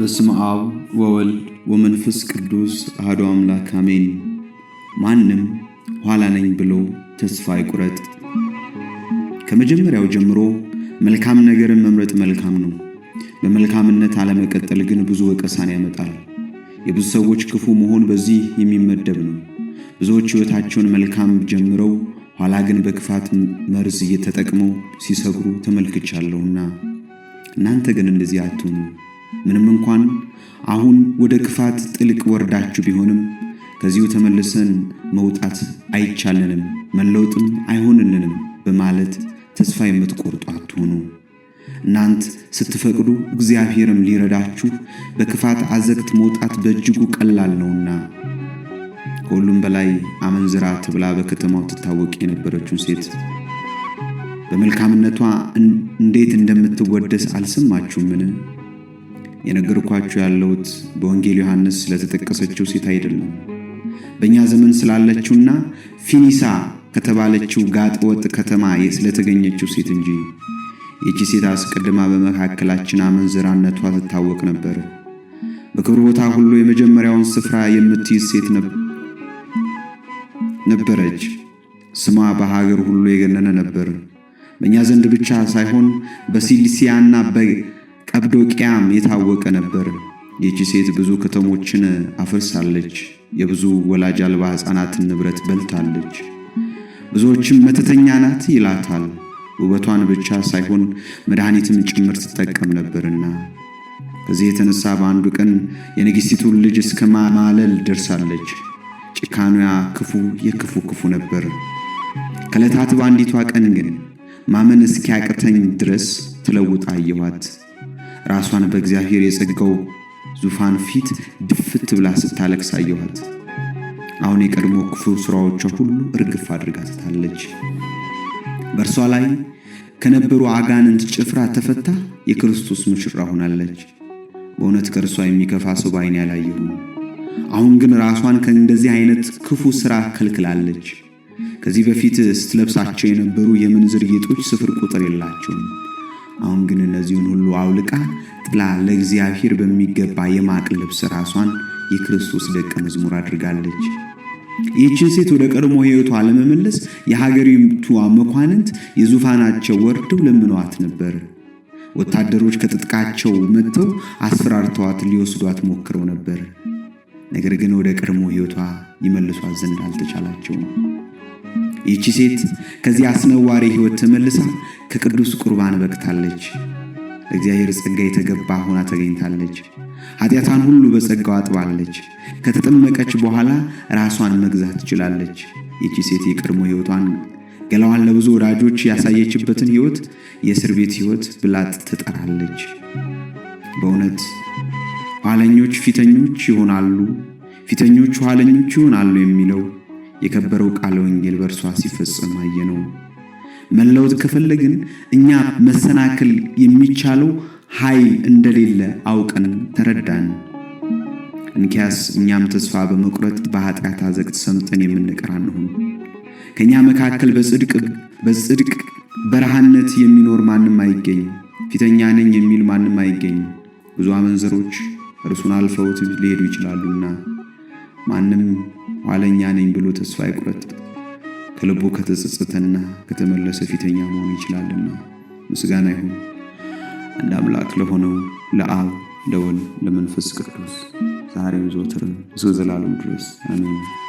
በስም አብ ወወልድ ወመንፈስ ቅዱስ አህዶ አምላክ አሜን። ማንም ኋላ ነኝ ብሎ ተስፋ አይቁረጥ። ከመጀመሪያው ጀምሮ መልካም ነገርን መምረጥ መልካም ነው። በመልካምነት አለመቀጠል ግን ብዙ ወቀሳን ያመጣል። የብዙ ሰዎች ክፉ መሆን በዚህ የሚመደብ ነው። ብዙዎች ሕይወታቸውን መልካም ጀምረው ኋላ ግን በክፋት መርዝ እየተጠቅመው ሲሰግሩ ተመልክቻለሁና እናንተ ግን እንደዚህ አትሆኑ። ምንም እንኳን አሁን ወደ ክፋት ጥልቅ ወርዳችሁ ቢሆንም ከዚሁ ተመልሰን መውጣት አይቻለንም፣ መለውጥም አይሆንልንም በማለት ተስፋ የምትቆርጡ አትሆኑ። እናንት ስትፈቅዱ እግዚአብሔርም ሊረዳችሁ በክፋት አዘግት መውጣት በእጅጉ ቀላል ነውና። ከሁሉም በላይ አመንዝራ ተብላ በከተማው ትታወቅ የነበረችውን ሴት በመልካምነቷ እንዴት እንደምትወደስ አልሰማችሁምን? የነገርኳችሁ ያለሁት በወንጌል ዮሐንስ ስለተጠቀሰችው ሴት አይደለም። በእኛ ዘመን ስላለችውና ፊኒሳ ከተባለችው ጋጥ ወጥ ከተማ ስለተገኘችው ሴት እንጂ። ይቺ ሴት አስቀድማ በመካከላችን አመንዝራነቷ ትታወቅ ነበር። በክብር ቦታ ሁሉ የመጀመሪያውን ስፍራ የምትይዝ ሴት ነበረች። ስሟ በሀገር ሁሉ የገነነ ነበር። በእኛ ዘንድ ብቻ ሳይሆን በሲሊሲያና ቀብዶቅያም የታወቀ ነበር። ይህቺ ሴት ብዙ ከተሞችን አፈርሳለች፣ የብዙ ወላጅ አልባ ሕፃናትን ንብረት በልታለች። ብዙዎችም መተተኛ ናት ይላታል። ውበቷን ብቻ ሳይሆን መድኃኒትም ጭምር ትጠቀም ነበርና ከዚህ የተነሳ በአንዱ ቀን የንግሥቲቱን ልጅ እስከ ማማለል ደርሳለች። ጭካኑያ ክፉ የክፉ ክፉ ነበር። ከዕለታት በአንዲቷ ቀን ግን ማመን እስኪያቅተኝ ድረስ ትለውጣ አየኋት። ራሷን በእግዚአብሔር የጸጋው ዙፋን ፊት ድፍት ብላ ስታለቅስ አየኋት። አሁን የቀድሞ ክፉ ሥራዎቿ ሁሉ እርግፍ አድርጋ ትታለች። በእርሷ ላይ ከነበሩ አጋንንት ጭፍራ ተፈታ የክርስቶስ ሙሽራ ሆናለች። በእውነት ከእርሷ የሚከፋ ሰው በዓይኔ አላየሁም። አሁን ግን ራሷን ከእንደዚህ አይነት ክፉ ሥራ ከልክላለች። ከዚህ በፊት ስትለብሳቸው የነበሩ የምንዝር ጌጦች ስፍር ቁጥር የላቸውም። አሁን ግን እነዚህን ሁሉ አውልቃ ጥላ ለእግዚአብሔር በሚገባ የማቅ ልብስ ራሷን የክርስቶስ ደቀ መዝሙር አድርጋለች። ይህችን ሴት ወደ ቀድሞ ሕይወቷ ለመመለስ የሀገሪቱ መኳንንት የዙፋናቸው ወርደው ለምነዋት ነበር። ወታደሮች ከትጥቃቸው መጥተው አስፈራርተዋት ሊወስዷት ሞክረው ነበር። ነገር ግን ወደ ቀድሞ ሕይወቷ ይመልሷት ዘንድ አልተቻላቸውም። ይቺ ሴት ከዚህ አስነዋሪ ሕይወት ተመልሳ ከቅዱስ ቁርባን በቅታለች። እግዚአብሔር ጸጋ የተገባ ሆና ተገኝታለች። ኃጢአቷን ሁሉ በጸጋው አጥባለች። ከተጠመቀች በኋላ ራሷን መግዛት ትችላለች። ይቺ ሴት የቀድሞ ሕይወቷን ገላዋን ለብዙ ወዳጆች ያሳየችበትን ሕይወት የእስር ቤት ሕይወት ብላጥ ትጠራለች። በእውነት ኋለኞች ፊተኞች ይሆናሉ፣ ፊተኞች ኋለኞች ይሆናሉ የሚለው የከበረው ቃለ ወንጌል በእርሷ ሲፈጸም መለውት መለወጥ ከፈለግን እኛ መሰናክል የሚቻለው ኃይል እንደሌለ አውቀን ተረዳን። እንኪያስ እኛም ተስፋ በመቁረጥ በኃጢአት አዘቅት ሰምጠን የምንቀር አንሆን። ከእኛ መካከል በጽድቅ በረሃነት የሚኖር ማንም አይገኝ፣ ፊተኛ ነኝ የሚል ማንም አይገኝ። ብዙ አመንዘሮች እርሱን አልፈውት ሊሄዱ ይችላሉና ማንም ኋለኛ ነኝ ብሎ ተስፋ አይቁረጥ። ከልቡ ከተጸጸተና ከተመለሰ ፊተኛ መሆን ይችላልና ምስጋና ይሁን አንድ አምላክ ለሆነው ለአብ ለወልድ ለመንፈስ ቅዱስ ዛሬም ዘወትርም እስከ ዘላለም ድረስ አሜን።